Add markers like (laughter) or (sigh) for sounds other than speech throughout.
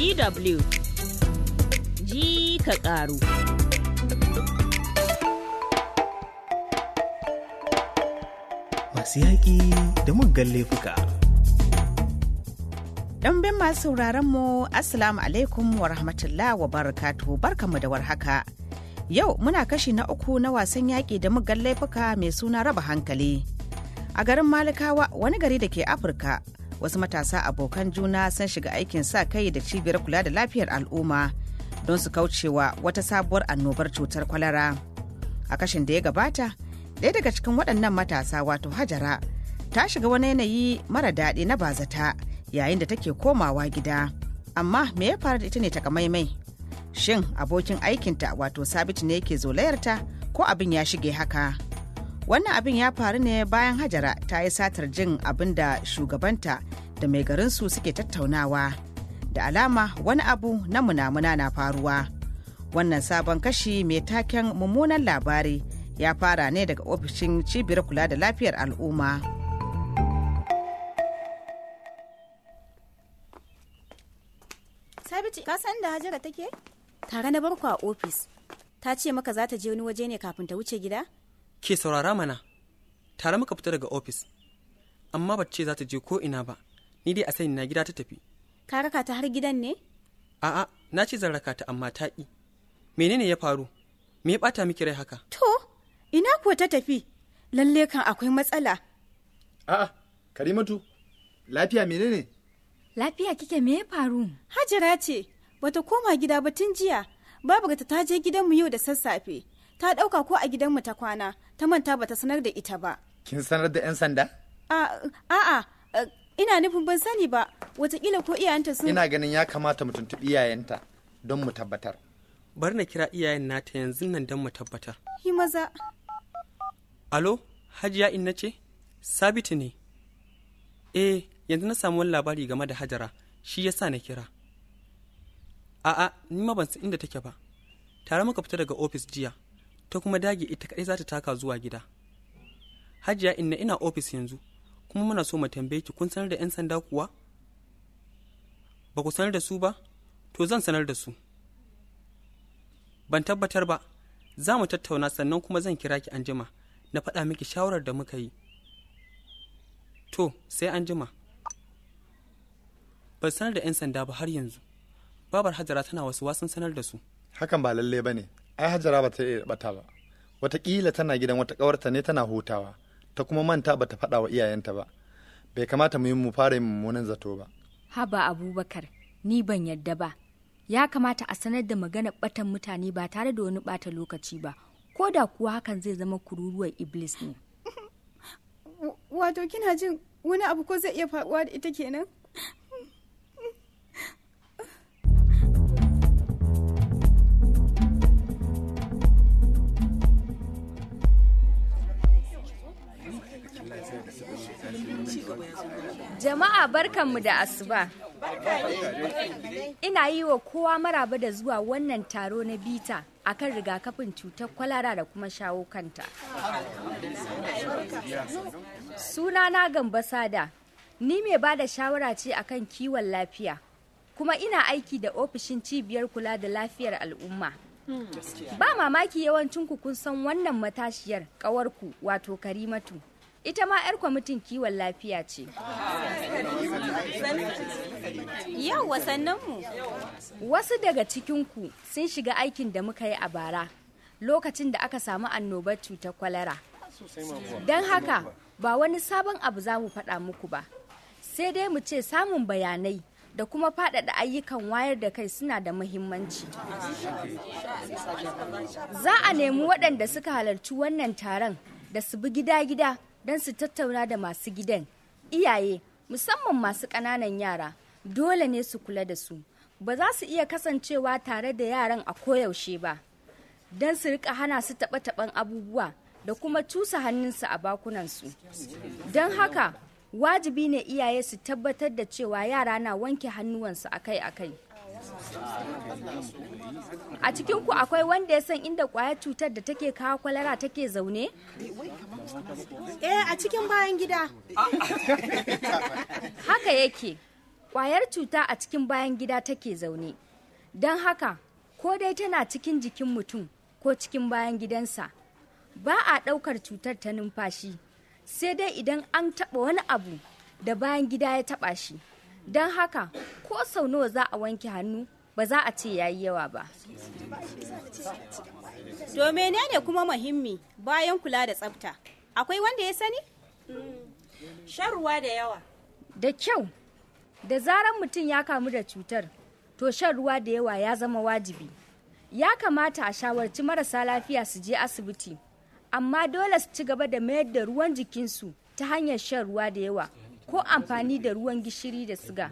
DW ji ka ƙaru. Masu yaƙi da muggan laifuka. Ɗanbin masu sauraron mu Assalamu alaikum wa rahmatullah wa barakatuhu barkanmu da warhaka. Yau muna kashi na uku na wasan yaƙi da muggan laifuka mai suna raba hankali. A garin Malikawa wani gari da ke Afirka. wasu matasa abokan juna sun shiga aikin sa kai da cibiyar kula da lafiyar al'umma don su kaucewa wata sabuwar annobar cutar kwalara a kashin da ya gabata ɗaya daga cikin waɗannan matasa wato hajara ta shiga wani yanayi mara daɗi na bazata yayin da take komawa gida amma me ya faru da ita ne takamaimai shin abokin aikinta wato sabit ne yake zolayarta ko abin ya shige haka wannan abin ya faru ne bayan hajara ta yi satar jin abin da shugabanta da mai garinsu suke tattaunawa da alama wani abu na munamuna na faruwa wannan sabon kashi mai taken mummunan labari ya fara ne daga ofishin cibiyar kula da lafiyar al'umma sabiti ka san da hajara take tare na barko a ofis ta ce maka za ta je wani waje ne kafin ta wuce gida ke saurara mana tare muka fita daga ofis amma ba ce za ta je ko ina ba ni dai a sani na gida ta tafi ka raka ta har gidan ne a'a na ce zan raka ta amma ta ƙi menene ya faru me ya bata miki rai haka to ina kuwa ta tafi lalle kan akwai matsala a'a karimatu lafiya menene lafiya kike me ya faru hajira ce bata koma gida ba tun jiya babu ta je gidanmu yau da sassafe ta ɗauka ko a gidanmu ta kwana ta manta ba ta sanar da ita ba. Kin sanar da 'yan sanda? A'a, eh, ina nufin ban sani ba, watakila ko iyayenta sun... Ina ganin ya kamata mu tuntuɓi iyayenta don mu tabbatar. Bari na kira iyayen nata yanzu nan don mu tabbatar. Yi maza. Alo, Hajiya inna ce? Sabitu ne. Eh, yanzu na samu wani labari game da Hajara, shi yasa na kira. A'a, ni ma ban san inda take ba. Tare muka fita daga ofis jiya, ta kuma dage ita kadai za ta taka zuwa gida hajiya inna ina ofis yanzu kuma muna so mu tambaye ki kun sanar da 'yan sanda kuwa ba ku sanar da su ba to zan sanar da su ban tabbatar ba za mu tattauna sannan kuma zan kira ki anjima na faɗa miki shawarar da muka yi to sai anjima ban sanar da 'yan sanda ba har yanzu babar hajara tana wasu wasan sanar da su hakan ba lalle ba ne ai hajara ba ta iya bata ba wataƙila tana gidan wata ƙawarta ne tana hutawa ta kuma manta ba ta faɗa wa iyayenta ba bai kamata mu yi mu fara yin mummunan zato ba haba abubakar ni ban yadda ba ya kamata a sanar da maganar batan mutane ba tare da wani bata lokaci ba ko da kuwa hakan zai zama kururuwar iblis ne (laughs) wato kina jin wani abu ko zai iya faruwa da ita kenan Jama'a barkanmu da asuba. Ina yi wa kowa maraba da zuwa wannan taro na bita akan rigakafin cutar kwalara da kuma shawo kanta. Suna na Gamba Sada, ni mai ba da shawara ce akan kiwon lafiya, kuma ina aiki da ofishin cibiyar kula da lafiyar al'umma. Ba mamaki yawancinku kun san wannan matashiyar ƙawarku wato Karimatu. ita ma 'yar kwamitin kiwon lafiya ce. Yau wasanninmu. Wasu daga cikinku sun shiga aikin da muka yi a bara lokacin da aka samu annobar cutar kwalara. Don haka ba wani sabon abu za mu faɗa muku ba, sai dai mu ce samun bayanai da kuma faɗaɗa ayyukan wayar da kai suna da muhimmanci. Za a nemi waɗanda suka halarci wannan taron da su bi gida-gida don su tattauna da masu gidan iyaye musamman masu ƙananan yara dole ne su kula da su ba za su iya kasancewa tare da yaran a koyaushe ba don su rika hana su taɓa-taɓan abubuwa da kuma cusa hannunsu a bakunansu don haka wajibi ne iyaye su tabbatar da cewa yara na wanke hannuwansu akai-akai. A cikin akwai wanda ya san inda kwayar cutar da take kawo kwalara take zaune? Eh a cikin bayan gida. (laughs) Haka yake, kwayar cuta a cikin bayan gida take zaune. Don haka, ko dai tana cikin jikin mutum ko cikin bayan gidansa. Ba a ɗaukar cutar ta numfashi, sai dai idan an taɓa wani abu da bayan gida ya taɓa shi. don haka ko sau nawa za a wanke hannu ba za a ce ya yi yawa ba to menene kuma muhimmi bayan kula da tsafta akwai wanda ya sani shan ruwa da yawa da kyau da zaran mutum ya kamu da cutar to shan ruwa da yawa ya zama wajibi ya kamata a shawarci marasa lafiya su je asibiti amma dole su ci gaba da mayar da ruwan jikinsu ta hanyar shan ruwa da yawa ko amfani da ruwan gishiri da siga.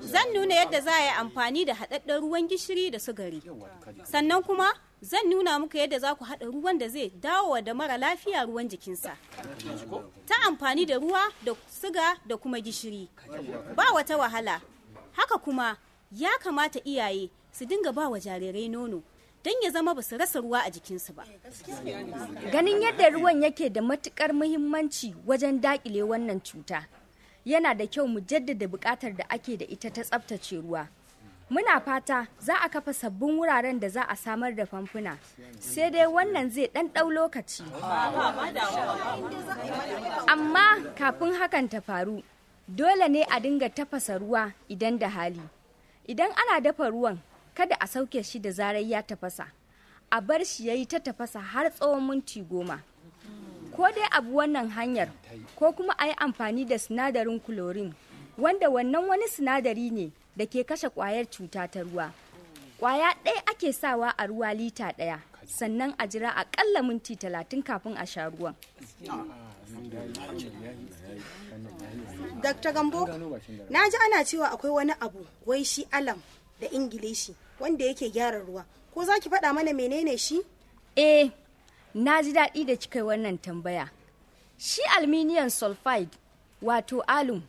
Zan nuna yadda za a yi amfani da haɗaɗɗen ruwan gishiri da sugari. Sannan kuma zan nuna muku yadda za ku haɗa ruwan da zai dawo da mara lafiya ruwan jikinsa. Ta amfani da ruwa da siga da kuma gishiri. Ba wata wahala. Haka kuma ya kamata iyaye su dinga ba wa jarirai nono. don ya zama ba su rasa ruwa a jikinsu ba. Eh, Ganin yadda ruwan yake da matukar muhimmanci wajen dakile wannan cuta, yana da kyau mu jaddada buƙatar da ake da ita ta tsabtace ruwa. Muna fata za a kafa sabbin wuraren da za a samar da famfuna, sai dai wannan zai ɗan ɗau lokaci. Amma kafin hakan ta faru, dole ne a dinga tafasa ruwa idan da hali. Idan ana dafa ruwan, kada a sauke shi da zarar ya tafasa a bar shi ya yi ta tafasa har tsawon minti goma ko dai abu wannan hanyar ko kuma a yi amfani da sinadarin chlorine wanda wannan wani sinadari ne da ke kashe kwayar cuta ta ruwa kwaya ɗaya ake sawa a ruwa lita ɗaya sannan a jira aƙalla minti talatin kafin a sha ruwan Dr. Gambo, na ji ana cewa akwai wani abu wai shi alam da Ingilishi wanda yake gyara ruwa ko za ki faɗa mana menene shi eh na ji daɗi da kika wannan tambaya shi aluminium sulfide wato alum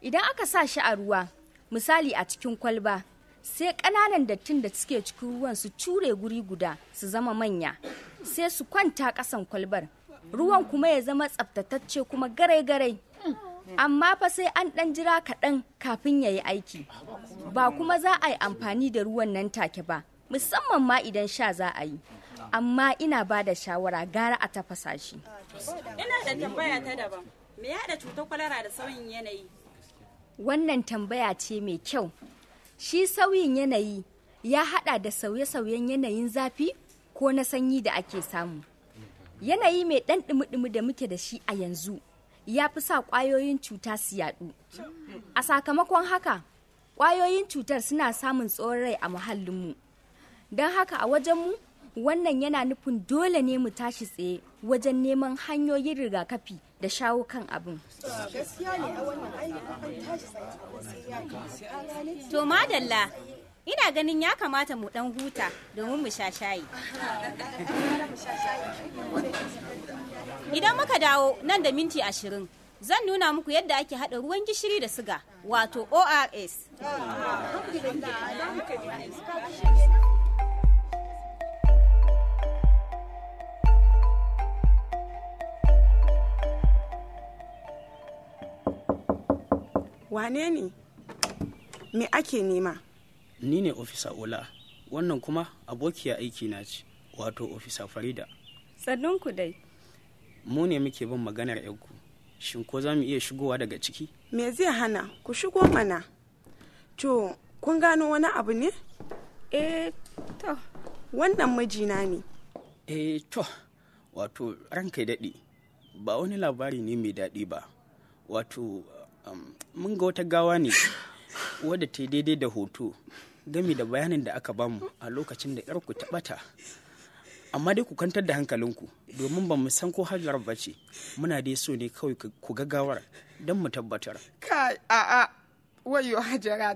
idan aka sa shi a ruwa misali a cikin kwalba sai ƙananan dattin da suke cikin ruwan su cure guri guda su zama manya sai su kwanta ƙasan kwalbar ruwan kuma ya zama tsaftatacce kuma garai-garai amma fa sai an ɗan jira kaɗan kafin ya yi aiki ba kuma za a yi amfani da ruwan nan take ba musamman ma idan sha za a yi amma ina ba da shawara gara a tafasa shi ina da tambaya ta daban me ya da cutar kwalara da sauyin yanayi wannan tambaya ce mai kyau shi sauyin yanayi ya hada da sauye-sauyen yanayin zafi ko na sanyi da ake samu yanayi mai ɗan ɗumi da muke da shi a yanzu ya fi sa ƙwayoyin cuta su yaɗu. A sakamakon haka, ƙwayoyin cutar suna samun tsoron rai a muhallinmu. Don haka a wajenmu, wannan yana nufin dole ne mu tashi tsaye wajen neman hanyoyin rigakafi da shawo kan abin. To madalla ina ganin ya kamata mu dan huta domin mu sha shayi idan muka dawo nan da minti ashirin zan nuna muku yadda ake haɗa ruwan gishiri da siga wato ors wane ne me ake nema ni ne ofisa ola wannan kuma abokiya aiki na ce wato ofisa farida sannan ku dai mu ne muke bin maganar yanku shin ko za mu iya shigowa daga ciki me zai hana ku shigo mana to kun gano wani abu ne eh to wannan mijina ne eh to wato ranka daɗi ba wani labari ne mai daɗi ba wato mun ga wata gawa ne wadda ta daidai da hoto gami da bayanin da aka bamu a lokacin da yarku ta bata amma dai ku kwantar da hankalinku domin ba mu san ko hajjar ba ce muna dai so ne kawai ku gaggawar don mu tabbatar a a'a wayo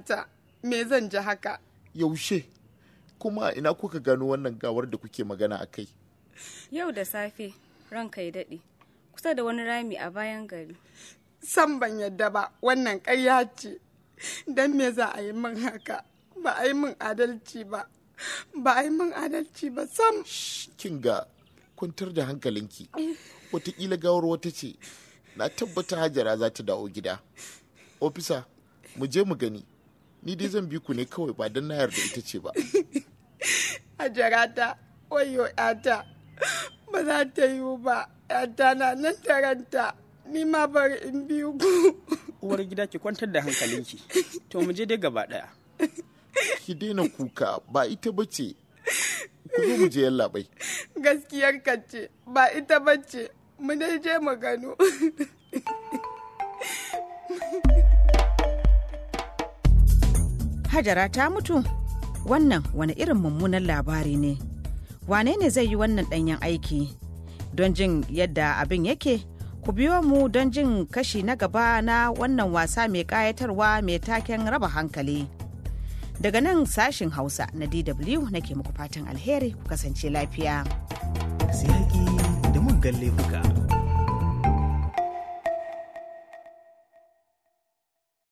ta me zan ji haka yaushe kuma ina kuka gano wannan gawar da kuke magana a kai yau da safe ranka ya daɗe kusa da wani rami a bayan gari san ban yadda ba wannan ƙarya ce don me za a yi min haka ba a yi min adalci ba ba a yi min adalci ba sam kin ga kwantar da hankalinki watakila gawar wata ce na tabbata hajara za ta dawo gida ofisa mu je mu gani ni dai zan bi ku ne kawai ba don na yarda ita ce ba (laughs) hajara ta wayo yata ba za ta yiwu ba yata na nan taranta ni ma bari in biyu ku uwar gida ki kwantar da hankalinki to mu je dai gaba daya (laughs) ki daina kuka ba ita bace ku zo mu je yallaɓai gaskiyar kace ba ita bace mu ne je mu gano Hajara ta mutu wannan wani irin mummunan labari ne wane ne zai yi wannan ɗanyen aiki don jin yadda abin yake ku biyo mu don jin kashi na gaba na wannan wasa mai ƙayatarwa mai taken raba hankali. Daga nan sashin Hausa na DW nake muku fatan alheri ku kasance lafiya. haƙi da muggan laifuka.